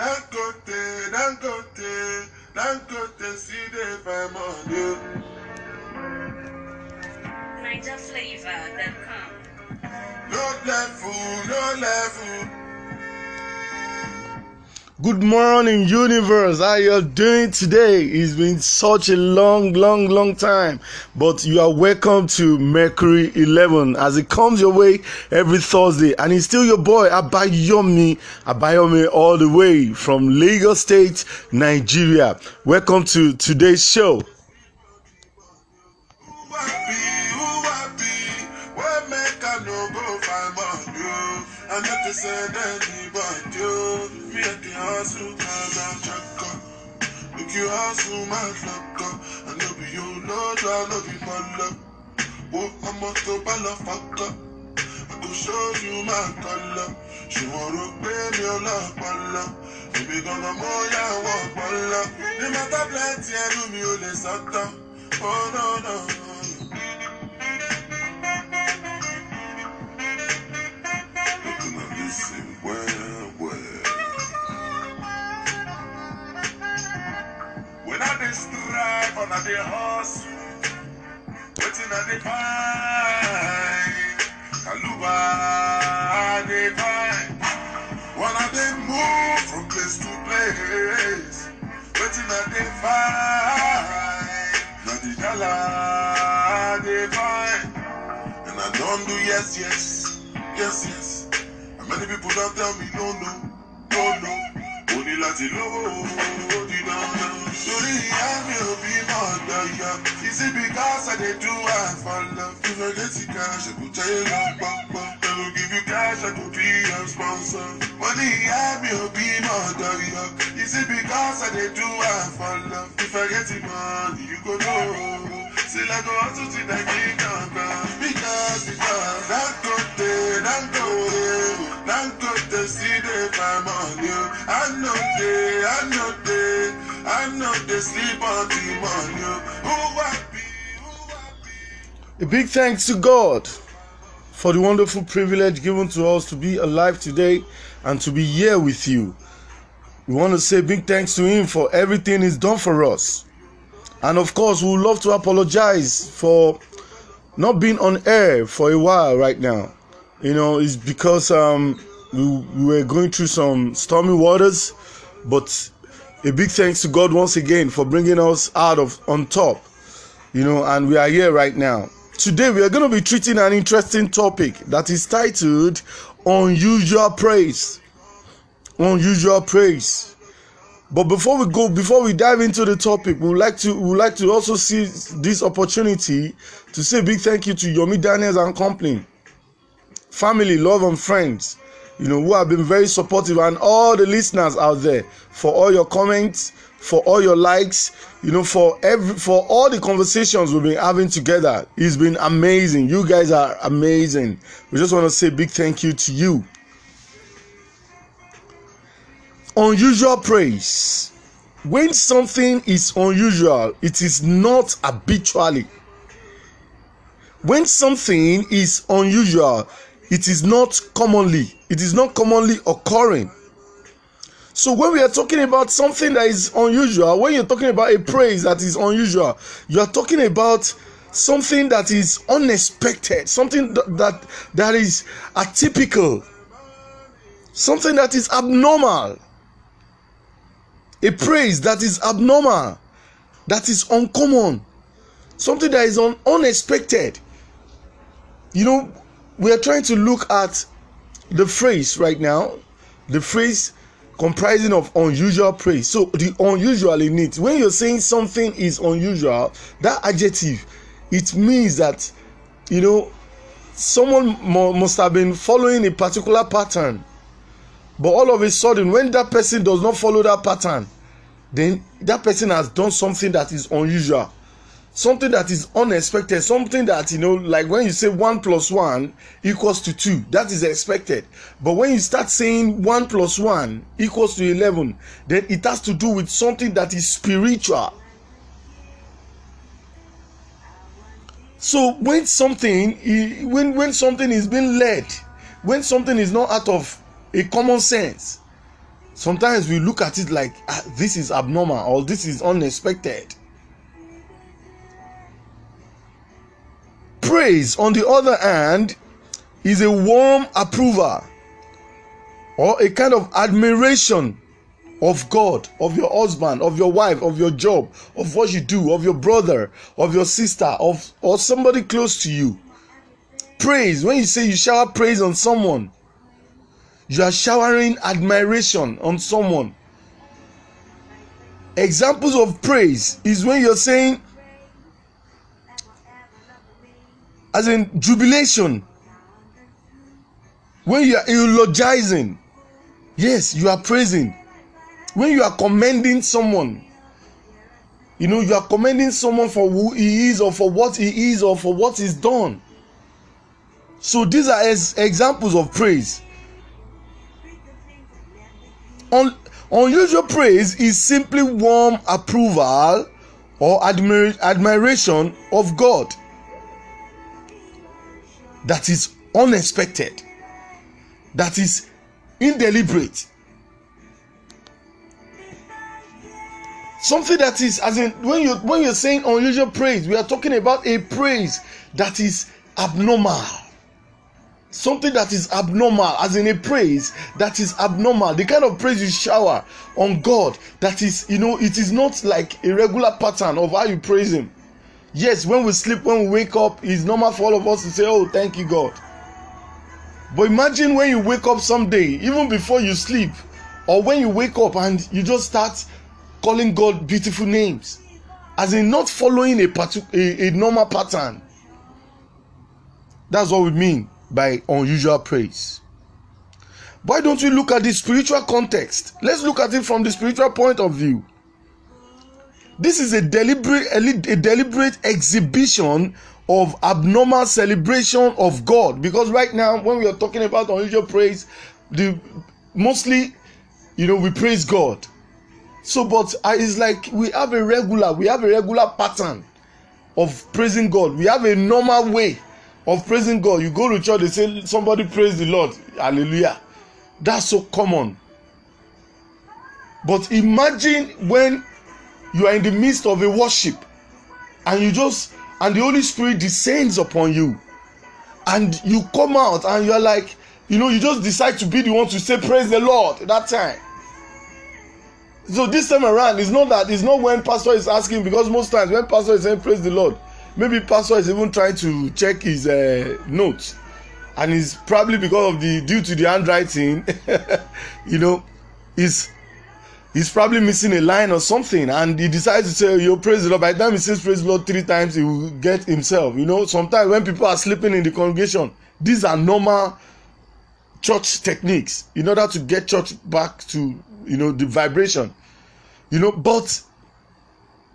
Dangote, Dangote, Dangote, see the family. NigerFlavor.com. No level, no level. Good morning, universe. How you doing today? It's been such a long, long, long time, but you are welcome to Mercury 11 as it comes your way every Thursday, and it's still your boy Abayomi, Abayomi all the way from Lagos State, Nigeria. Welcome to today's show. you assume my flaka. I know be your lord, I know be love. Oh, I'm a to balafaka. I go show you my color. She want to pay me a lot, pala. Baby, gonna more, yeah, walk, pala. No matter plenty, I know me, oh, let's Oh, no, no. on a the horse, waiting on the pine. Kaluba, the pine. One of them move from place to place, waiting on the fine. Now the dollar, the pine. And I don't do yes, yes, yes, yes. And many people don't tell me no, no, no, no mo ní láti lówó ó di dandan. torí ìyá mi ò bí mọ̀ ọ̀dọ̀ yọ ìsíbi káàsà dey do àfàlà fífẹ́ létí káàṣà kò táyé lọ pọ́npọ́n ẹ̀rù gígí káàṣà kò bí ẹ̀ sponsor. mo ní ìyá mi ò bí mọ̀ ọ̀dọ̀ yọ ìsíbi káàsà dey do àfàlà fífẹ́ létí money you go know. Sila go out to the Nigerian Because, because, that go day, that to see the time on you. I know I know I know they sleep on the Who I be, who I be. A big thanks to God for the wonderful privilege given to us to be alive today and to be here with you. We want to say big thanks to Him for everything He's done for us. And of course, we would love to apologize for not being on air for a while right now you know it's because um we, we were going through some stormy waters but a big thanks to god once again for bringing us out of on top you know and we are here right now today we are going to be treating an interesting topic that is titled unusual praise unusual praise but before we go before we dive into the topic we would like to we would like to also see this opportunity to say a big thank you to yomi daniels and company family, love, and friends, you know, who have been very supportive, and all the listeners out there for all your comments, for all your likes, you know, for every for all the conversations we've been having together. It's been amazing. You guys are amazing. We just want to say big thank you to you. Unusual praise. When something is unusual, it is not habitually when something is unusual it is not commonly it is not commonly occurring so when we are talking about something that is unusual when you're talking about a praise that is unusual you are talking about something that is unexpected something that that, that is atypical something that is abnormal a praise that is abnormal that is uncommon something that is un- unexpected you know we are trying to look at the phrase right now, the phrase comprising of unusual praise. So the unusual in it, when you're saying something is unusual, that adjective, it means that you know someone must have been following a particular pattern, but all of a sudden, when that person does not follow that pattern, then that person has done something that is unusual. something that is unexpected something that you know like when you say one plus one equals to two that is expected but when you start saying one plus one equals to eleven then it has to do with something that is spiritual so when something when when something is being led when something is not out of a common sense sometimes we look at it like ah, this is abnormal or this is unexpected praise, on the other hand, is a warm approval or a kind of admiration of God, of your husband, of your wife, of your job, of what you do, of your brother, of your sister, of or somebody close to you. Praise, when you say you shower praise on someone, you are showering admiration on someone. Examples of praise is when you're saying, as in jubilation when you are eulogizing yes you are praising when you are commending someone you know you are commending someone for who he is or for what he is or for what he's done so these are as examples of praise Un unusual praise is simply warm approval or admiration of god that is unexpected, that is indeliberate. Something that is as in when you when you're saying unusual praise, we are talking about a praise that is abnormal. Something that is abnormal, as in a praise that is abnormal, the kind of praise you shower on God that is, you know, it is not like a regular pattern of how you praise Him. Yes, when we sleep, when we wake up, it's normal for all of us to say, Oh, thank you, God. But imagine when you wake up someday, even before you sleep, or when you wake up and you just start calling God beautiful names, as in not following a, a normal pattern. That's what we mean by unusual praise. Why don't we look at the spiritual context? Let's look at it from the spiritual point of view. This is a deliberate, a deliberate exhibition of abnormal celebration of God. Because right now, when we are talking about unusual praise, the mostly, you know, we praise God. So, but uh, it's like we have a regular, we have a regular pattern of praising God. We have a normal way of praising God. You go to church, they say somebody praise the Lord, Hallelujah. That's so common. But imagine when you are in the midst of a worship and you just and the holy spirit descends upon you and you come out and you are like you know you just decide to be the one to say praise the lord that time so this time around it's not that it's not when pastor is asking because most times when pastor is saying praise the lord maybe pastor is even trying to check his uh, notes and it's probably because of the due to the handwriting you know is he's probably missing a line or something and he decides to say yo praise the lord by the time he says praise the lord three times he will get himself you know sometimes when people are sleeping in the congregation these are normal church techniques in order to get church back to you know the vibration you know but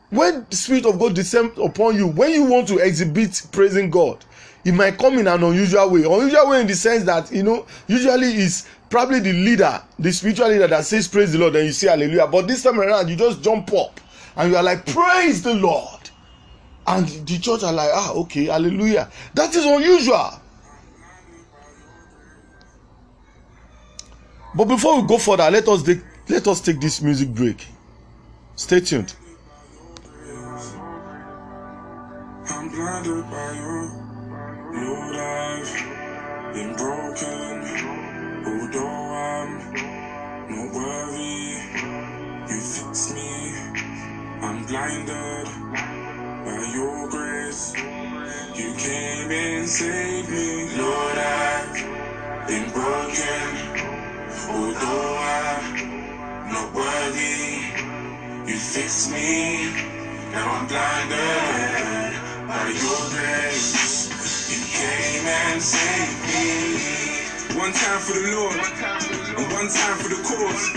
when the spirit of god descend upon you when you want to exhibit praising god it might come in an unusual way unusual way in the sense that you know usually is probably the leader the spiritual leader that says praise the lord and you say hallelujah but this time around you just jump up and you are like praise the lord and the church are like ah okay hallelujah that is unusual but before we go further let us take let us take this music break stay tuned. I'm blinded by you. know I've been broken, although I'm not worthy. You fix me, I'm blinded by your grace. You came and saved me, Lord. I've been broken, although I'm not worthy. You fix me, now I'm blinded by your grace insane. One time for the Lord, and one time for the cause.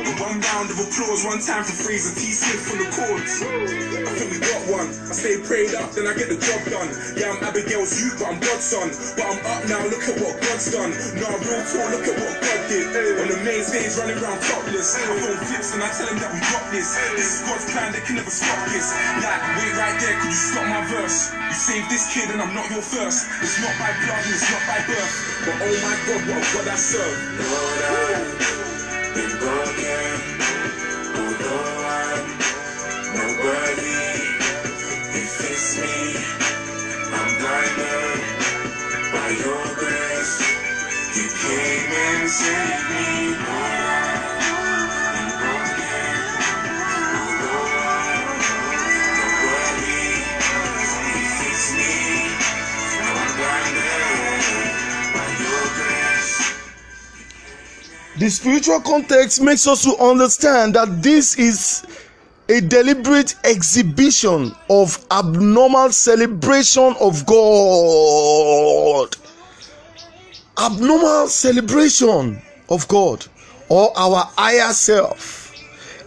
And one round of applause, one time for Fraser T. Smith for the chords. I think we got one. I stay prayed up, then I get the job done. Yeah, I'm Abigail's youth, but I'm God's son. But I'm up now, look at what God's done. No, I'm real tall, look at what God did. On the main stage, running around topless. I phone flips and I tell him that we got this. This is God's plan, they can never stop this. Like, wait right there, could you stop my verse? You saved this kid and I'm not your first. It's not by blood and it's not by birth. But oh my god what, what I serve. Lord, I've been broken, although I'm nobody. It fits me. I'm blinded by your grace. You came and saved me. The spiritual context makes us to understand that this is a deliberate exhibition of abnormal celebration of God. Abnormal celebration of God or our higher self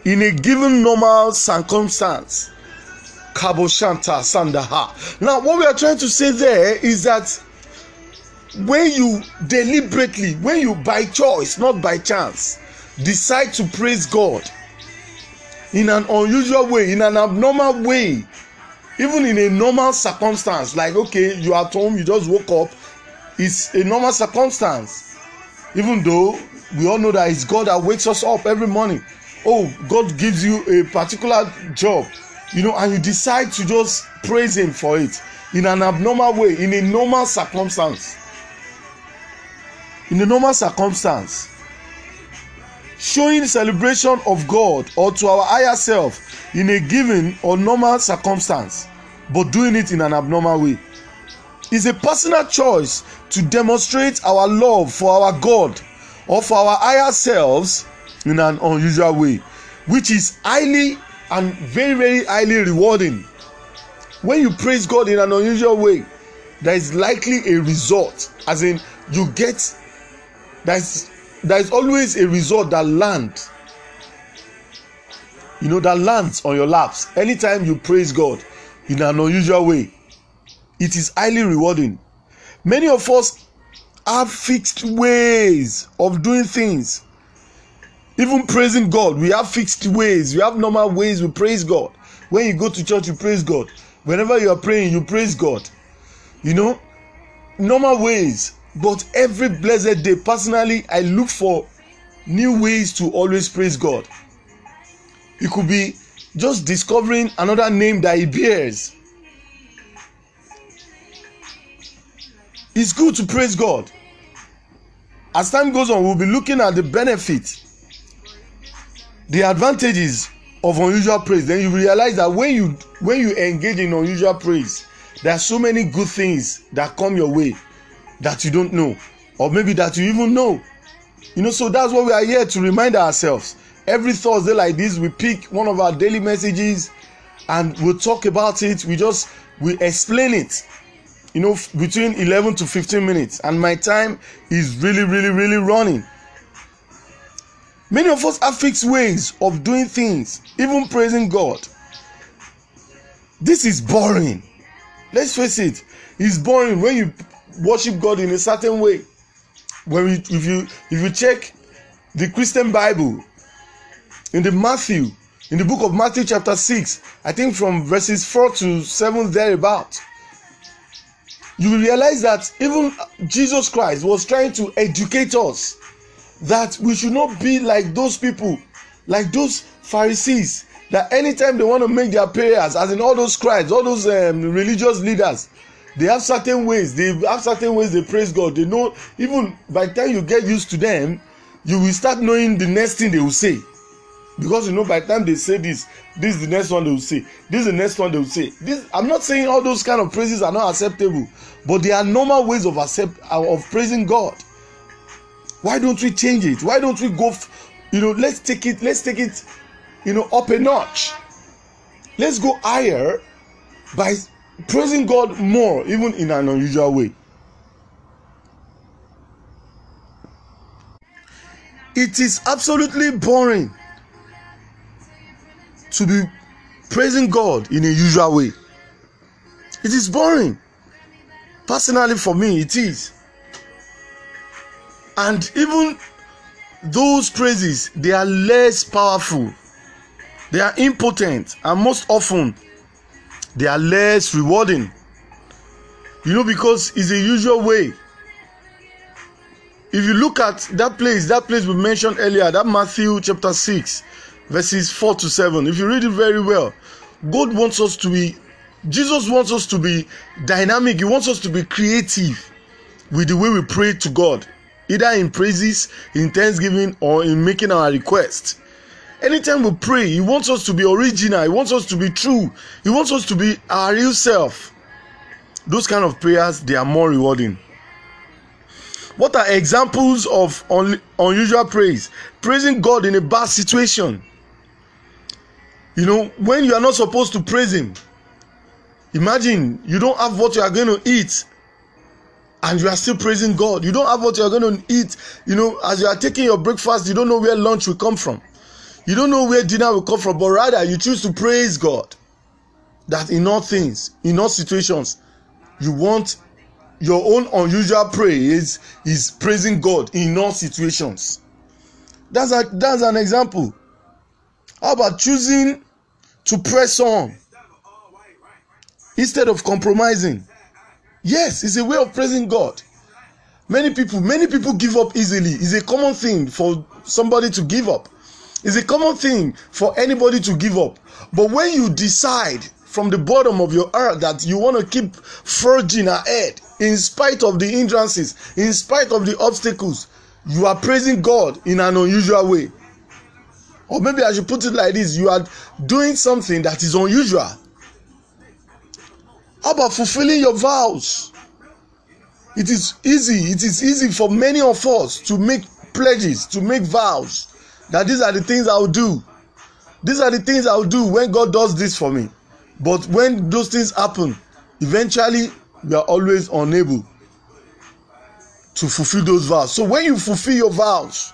in a given normal circumstance. Kaboshanta sandha. Now, what we are trying to say there is that when you deliberately when you by choice not by chance decide to praise god in an unusual way in an abnormal way even in a normal circumstance like okay you at home you just woke up it's a normal circumstance even though we all know that it's god that wakes us up every morning oh god gives you a particular job you know and you decide to just praise him for it in an abnormal way in a normal circumstance in a normal circumstance showing celebration of God or to our higher self in a given or normal circumstance but doing it in an abnormal way is a personal choice to demonstrate our love for our God or for our higher selves in an unusual way which is highly and very very highly rewarding when you praise God in an unusual way there is likely a result as in you get there is there is always a result that land you know that lands on your laps anytime you praise god in an unusual way it is highly rewarding many of us have fixed ways of doing things even praising god we have fixed ways we have normal ways we praise god when you go to church you praise god whenever you are praying you praise god you know normal ways but every blessed day, personally, I look for new ways to always praise God. It could be just discovering another name that He bears. It's good to praise God. As time goes on, we'll be looking at the benefit, the advantages of unusual praise. Then you realize that when you when you engage in unusual praise, there are so many good things that come your way that you don't know or maybe that you even know you know so that's what we are here to remind ourselves every thursday like this we pick one of our daily messages and we we'll talk about it we just we explain it you know between 11 to 15 minutes and my time is really really really running many of us have fixed ways of doing things even praising god this is boring let's face it it's boring when you worship God in a certain way. When you, if you if you check the Christian Bible in the Matthew, in the book of Matthew chapter 6, I think from verses 4 to 7 thereabout, you will realize that even Jesus Christ was trying to educate us that we should not be like those people, like those Pharisees, that anytime they want to make their prayers, as in all those scribes, all those um, religious leaders, they have certain ways they have certain ways they praise god they know even by the time you get used to them you will start knowing the next thing they will say because you know by the time they say this this is the next one they will say this is the next one they will say this i'm not saying all those kind of praises are not acceptable but they are normal ways of accept uh, of praising god why don't we change it why don't we go f- you know let's take it let's take it you know up a notch let's go higher by praising God more, even in an unusual way. It is absolutely boring to be praising God in a usual way. It is boring. Personally, for me, it is. And even those praises, they are less powerful, they are impotent, and most often they are less rewarding you know because it's a usual way if you look at that place that place we mentioned earlier that matthew chapter 6 verses 4 to 7 if you read it very well god wants us to be jesus wants us to be dynamic he wants us to be creative with the way we pray to god either in praises in thanksgiving or in making our request anytime we pray he wants us to be original he wants us to be true he wants us to be our real self those kind of prayers they are more rewarding what are examples of un unusual praise praising god in a bad situation you know when you are not supposed to praise him imagine you don't have what you are going to eat and you are still praising god you don't have what you are going to eat you know as you are taking your breakfast you don't know where lunch will come from You don't know where dinner will come from, but rather you choose to praise God that in all things, in all situations, you want your own unusual praise is praising God in all situations. That's a, that's an example. How about choosing to press on instead of compromising? Yes, it's a way of praising God. Many people, many people give up easily. It's a common thing for somebody to give up. It's a common thing for anybody to give up. But when you decide from the bottom of your heart that you want to keep forging ahead, in spite of the hindrances, in spite of the obstacles, you are praising God in an unusual way. Or maybe I should put it like this you are doing something that is unusual. How about fulfilling your vows? It is easy, it is easy for many of us to make pledges, to make vows that these are the things i will do these are the things i will do when god does this for me but when those things happen eventually we are always unable to fulfill those vows so when you fulfill your vows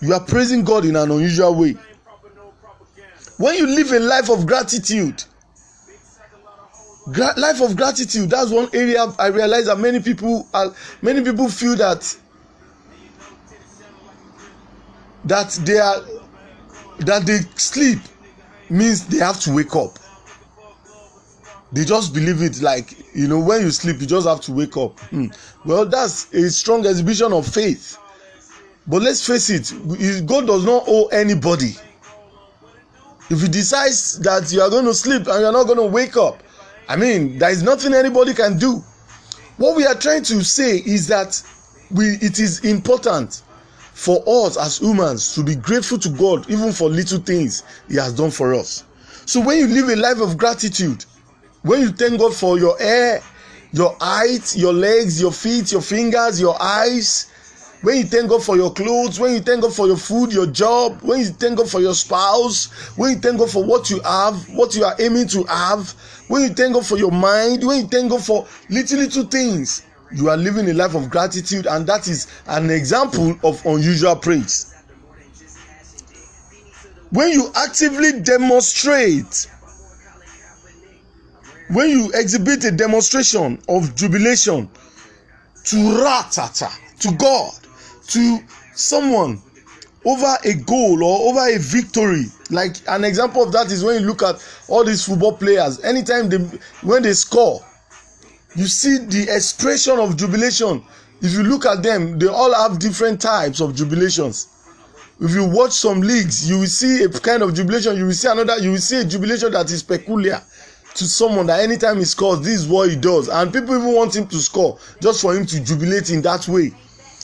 you are praising god in an unusual way when you live a life of gratitude Gra life of gratitude that's one area i realize that many people are many people feel that that they are that they sleep means they have to wake up they just believe it like you know when you sleep you just have to wake up hmm. well that's a strong exhibition of faith but let's face it god does not owe anybody if he decides that you are going to sleep and you are not going to wake up i mean there is nothing anybody can do what we are trying to say is that we it is important for us as humans to be grateful to God even for little things He has done for us. So when you live a life of gratitude, when you thank God for your hair, your height, your legs, your feet, your fingers, your eyes, when you thank God for your clothes, when you thank God for your food, your job, when you thank God for your spouse, when you thank God for what you have, what you are aiming to have, when you thank God for your mind, when you thank God for little, little things, you are living a life of gratitude and that is an example of unusual praise when you actively demonstrate when you exhibit a demonstration of jubilation to ratata to god to someone over a goal or over a victory like an example of that is when you look at all these football players anytime they when they score you see the expression of jubilation if you look at them they all have different types of jubilations if you watch some leagues you will see a kind of jubilation you will see another you will see a jubilation that is peculiar to someone that anytime he scores this is what he does and people even want him to score just for him to jubilate in that way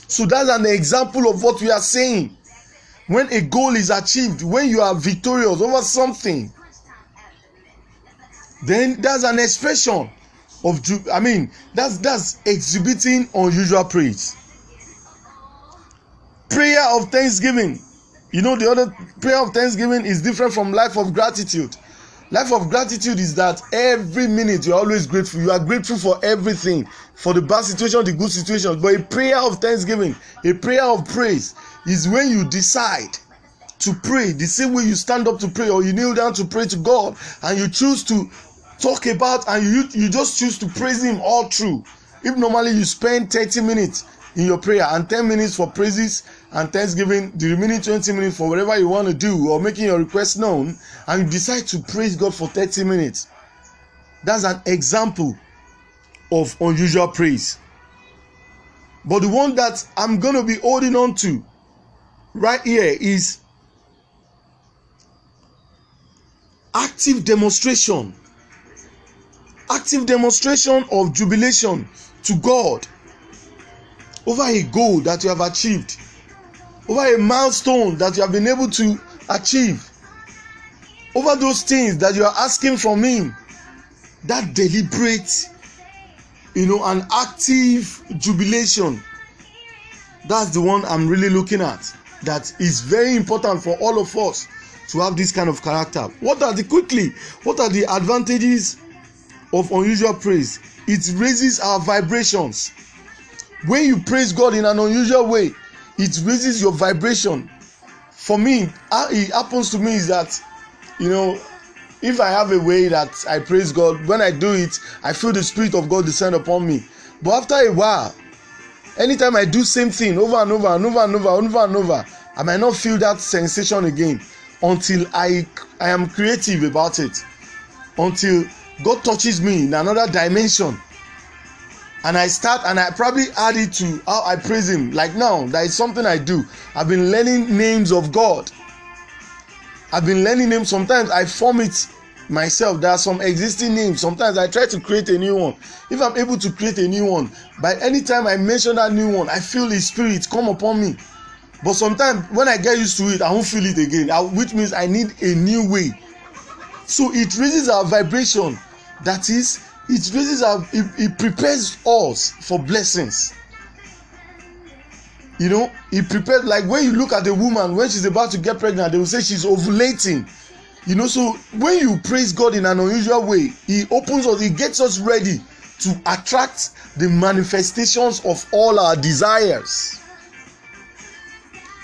so that's an example of what we are saying when a goal is achieved when you are victorious over something then that's an expression of i mean that's that's exhibiting unusual praise prayer of thanksgiving you know the other prayer of thanksgiving is different from life of gratitude life of gratitude is that every minute you are always grateful you are grateful for everything for the bad situation the good situation but a prayer of thanksgiving a prayer of praise is when you decide to pray the same way you stand up to pray or you kneel down to pray to god and you choose to talk about and you you just choose to praise him all through if normally you spend thirty minutes in your prayer and ten minutes for praises and thanksgiving the remaining twenty minutes for whatever you want to do or making your request known and you decide to praise God for thirty minutes that's an example of unusual praise but the one that i'm gonna be holding on to right here is active demonstration active demonstration of jubilation to God over a goal that you have achieved over a milestone that you have been able to achieve over those things that you are asking from him that deliberate you know an active jubilation that's the one i'm really looking at that is very important for all of us to have this kind of character what are the quickly what are the advantages of unusual praise it raises our vibrations when you praise god in an unusual way it raises your vibration for me how it happens to me is that you know if i have a way that i praise god when i do it i feel the spirit of god descend upon me but after a while anytime i do same thing over and over and over and over and over and over i might not feel that sensation again until i i am creative about it until God touches me in another dimension and I start and I probably add it to how I praise him like now that is something I do I've been learning names of God I've been learning names sometimes I form it myself there are some existing names sometimes I try to create a new one if I'm able to create a new one by any time I mention that new one I feel his spirit come upon me but sometimes when I get used to it I won't feel it again I, which means I need a new way so it raises our vibration that is it raises our it, it prepares us for blessings you know it prepares like when you look at a woman when she's about to get pregnant they will say she's ovulating you know so when you praise god in an unusual way he opens us he gets us ready to attract the manifestations of all our desires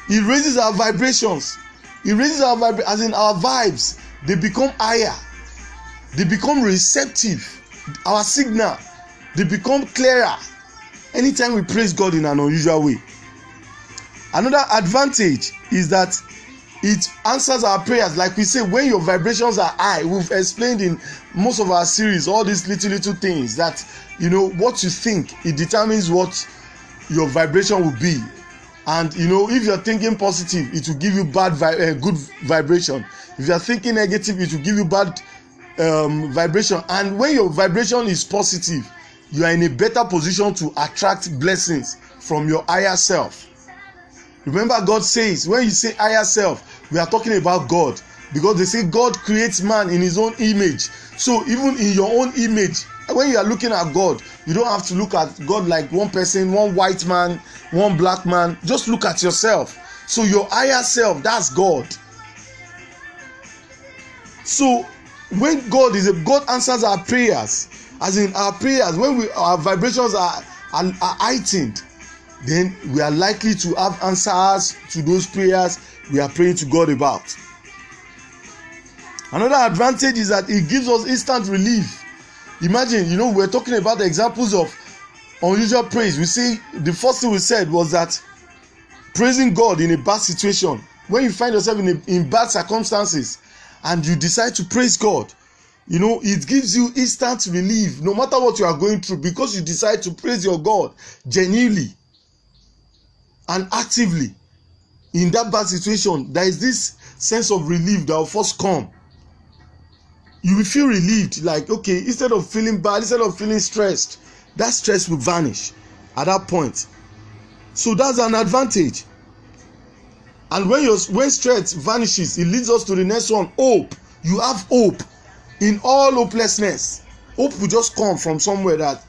he raises our vibrations he raises our vibe as in our vibes they become higher they become receptive our signal they become clearer anytime we praise God in an unusual way another advantage is that it answers our prayers like we say when your vibrations are high we've explained in most of our series all these little little things that you know what you think it determines what your vibration will be and you know if you're thinking positive it will give you bad vi uh, good vibration if you're thinking negative it will give you bad um, vibration and when your vibration is positive you are in a better position to attract blessings from your higher self remember god says when you say higher self we are talking about god because they say god creates man in his own image so even in your own image when you are looking at god you don't have to look at god like one person one white man one black man just look at yourself so your higher self that's god so when God is a God answers our prayers, as in our prayers, when we our vibrations are are, are heightened, then we are likely to have answers to those prayers we are praying to God about. Another advantage is that it gives us instant relief. Imagine, you know, we're talking about the examples of unusual praise. We see the first thing we said was that praising God in a bad situation. When you find yourself in, a, in bad circumstances, and you decide to praise God, you know, it gives you instant relief no matter what you are going through because you decide to praise your God genuinely and actively. In that bad situation, there is this sense of relief that will first come. You will feel relieved, like, okay, instead of feeling bad, instead of feeling stressed, that stress will vanish at that point. So that's an advantage and when your when strength vanishes it leads us to the next one hope you have hope in all hopelessness hope will just come from somewhere that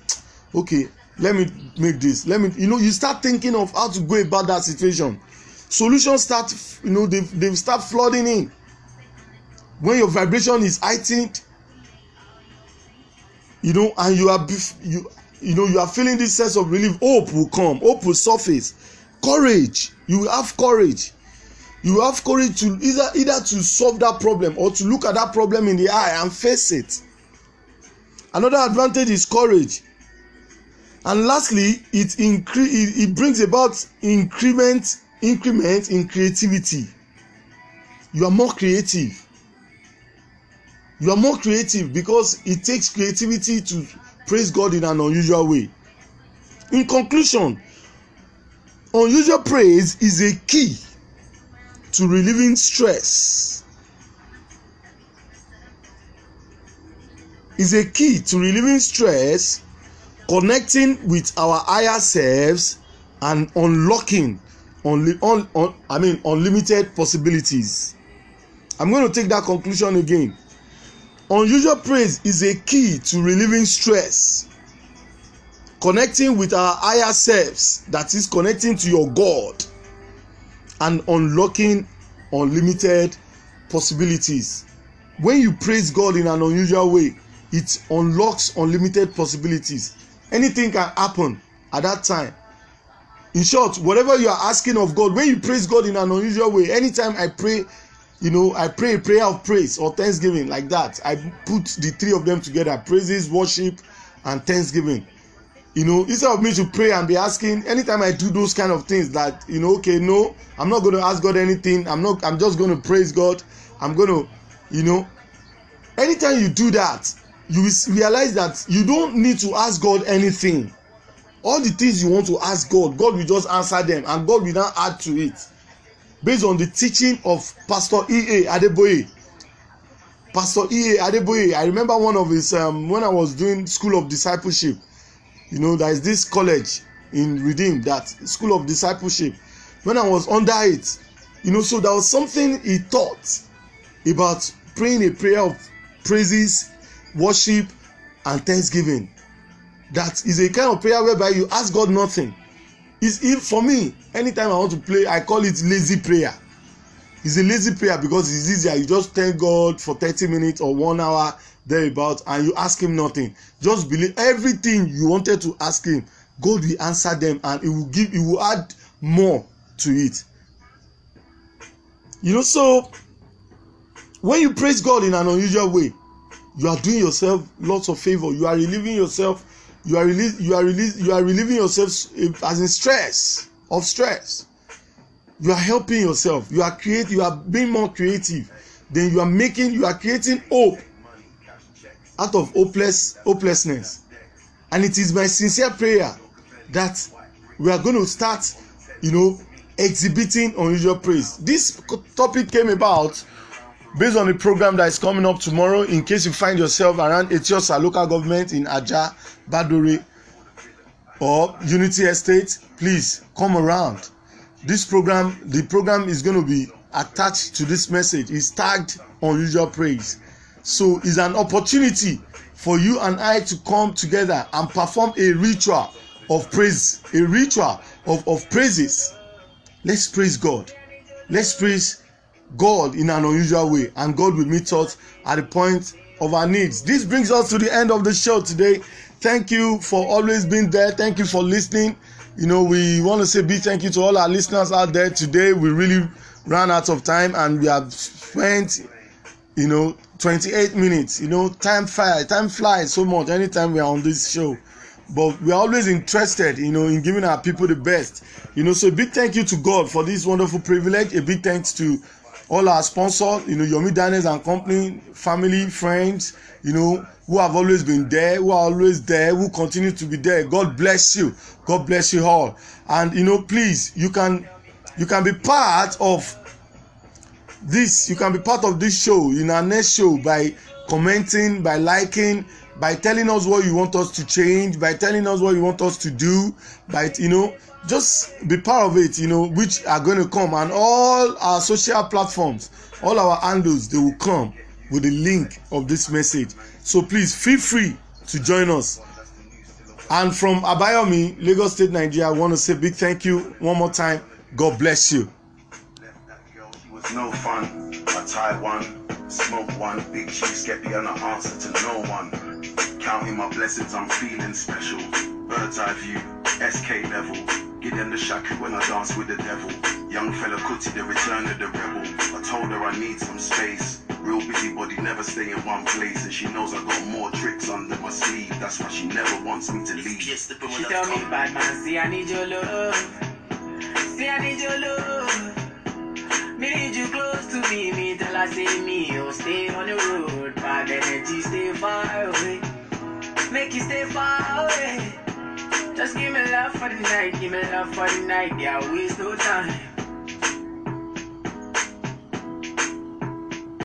okay let me make this let me you know you start thinking of how to go about that situation solutions start you know they they start flooding in when your vibration is heightened you know and you are you you know you are feeling this sense of relief hope will come hope will surface courage you will have courage you have courage to either either to solve that problem or to look at that problem in the eye and face it another advantage is courage and lastly it incre it, it brings about increment increment in creativity you are more creative you are more creative because it takes creativity to praise God in an unusual way in conclusion unusual praise is a key to relieving stress is a key to relieving stress connecting with our higher selves and unlocking only un, i mean unlimited possibilities i'm going to take that conclusion again unusual praise is a key to relieving stress connecting with our higher selves that is connecting to your god and unlocking unlimited possibilities. When you praise God in an unusual way, it unlocks unlimited possibilities. Anything can happen at that time. In short, whatever you are asking of God, when you praise God in an unusual way, anytime I pray, you know, I pray a prayer of praise or thanksgiving like that. I put the three of them together praises, worship, and thanksgiving you know instead of me to pray and be asking anytime i do those kind of things that you know okay no i'm not going to ask god anything i'm not i'm just going to praise god i'm going to you know anytime you do that you realize that you don't need to ask god anything all the things you want to ask god god will just answer them and god will now add to it based on the teaching of pastor ea adeboye pastor ea adeboye i remember one of his um, when i was doing school of discipleship you know there is this college in redeem that school of discipleship when i was under it you know so there was something he taught about praying a prayer of praises worship and thanksgiving that is a kind of prayer whereby you ask god nothing is if for me anytime i want to play i call it lazy prayer it's a lazy prayer because it's easier you just thank god for thirty minutes or one hour there about and you ask him nothing just believe everything you wanted to ask him god will answer them and he will give he will add more to it you know so when you praise god in an unusual way you are doing yourself lots of favour you are relieving yourself you are release you are release you are relieving yourself eh, as in stress of stress you are helping yourself you are create you are being more creative then you are making you are creating hope out of hopeless hopelessness and it is my sincere prayer that we are going to start you know exhibiting unusual praise this topic came about based on the program that is coming up tomorrow in case you find yourself around etiosa local government in aja badore or unity estate please come around this program the program is going to be attached to this message is tagged unusual praise So it's an opportunity for you and I to come together and perform a ritual of praise, a ritual of, of praises. Let's praise God. Let's praise God in an unusual way, and God will meet us at the point of our needs. This brings us to the end of the show today. Thank you for always being there. Thank you for listening. You know, we want to say big thank you to all our listeners out there today. We really ran out of time and we have spent you know 28 minutes you know time flies time flies so much anytime we are on this show but we are always interested you know in giving our people the best you know so a big thank you to god for this wonderful privilege a big thanks to all our sponsors you know yomi daniels and company family friends you know who have always been there who are always there who continue to be there god bless you god bless you all and you know please you can you can be part of this you can be part of this show in our next show by commenting by liking by telling us what you want us to change by telling us what you want us to do by you know just be part of it you know which are going to come and all our social platforms all our handles they will come with the link of this message so please feel free to join us and from abayomi lagos state nigeria i want to say big thank you one more time god bless you no fun. I tie one, smoke one, big cheese get the other answer to no one. Counting my blessings, I'm feeling special. Bird's eye view, SK level. Give them the shaku when I dance with the devil. Young fella cutie. the return of the rebel. I told her I need some space. Real busybody, never stay in one place. And she knows I got more tricks under my sleeve. That's why she never wants me to leave. She tell me, bad man, see I need your love. See I need your love. Need you close to me, me tell I say me, oh stay on the road, bad energy stay far away. Make you stay far away. Just give me love for the night, give me love for the night, yeah, waste no time.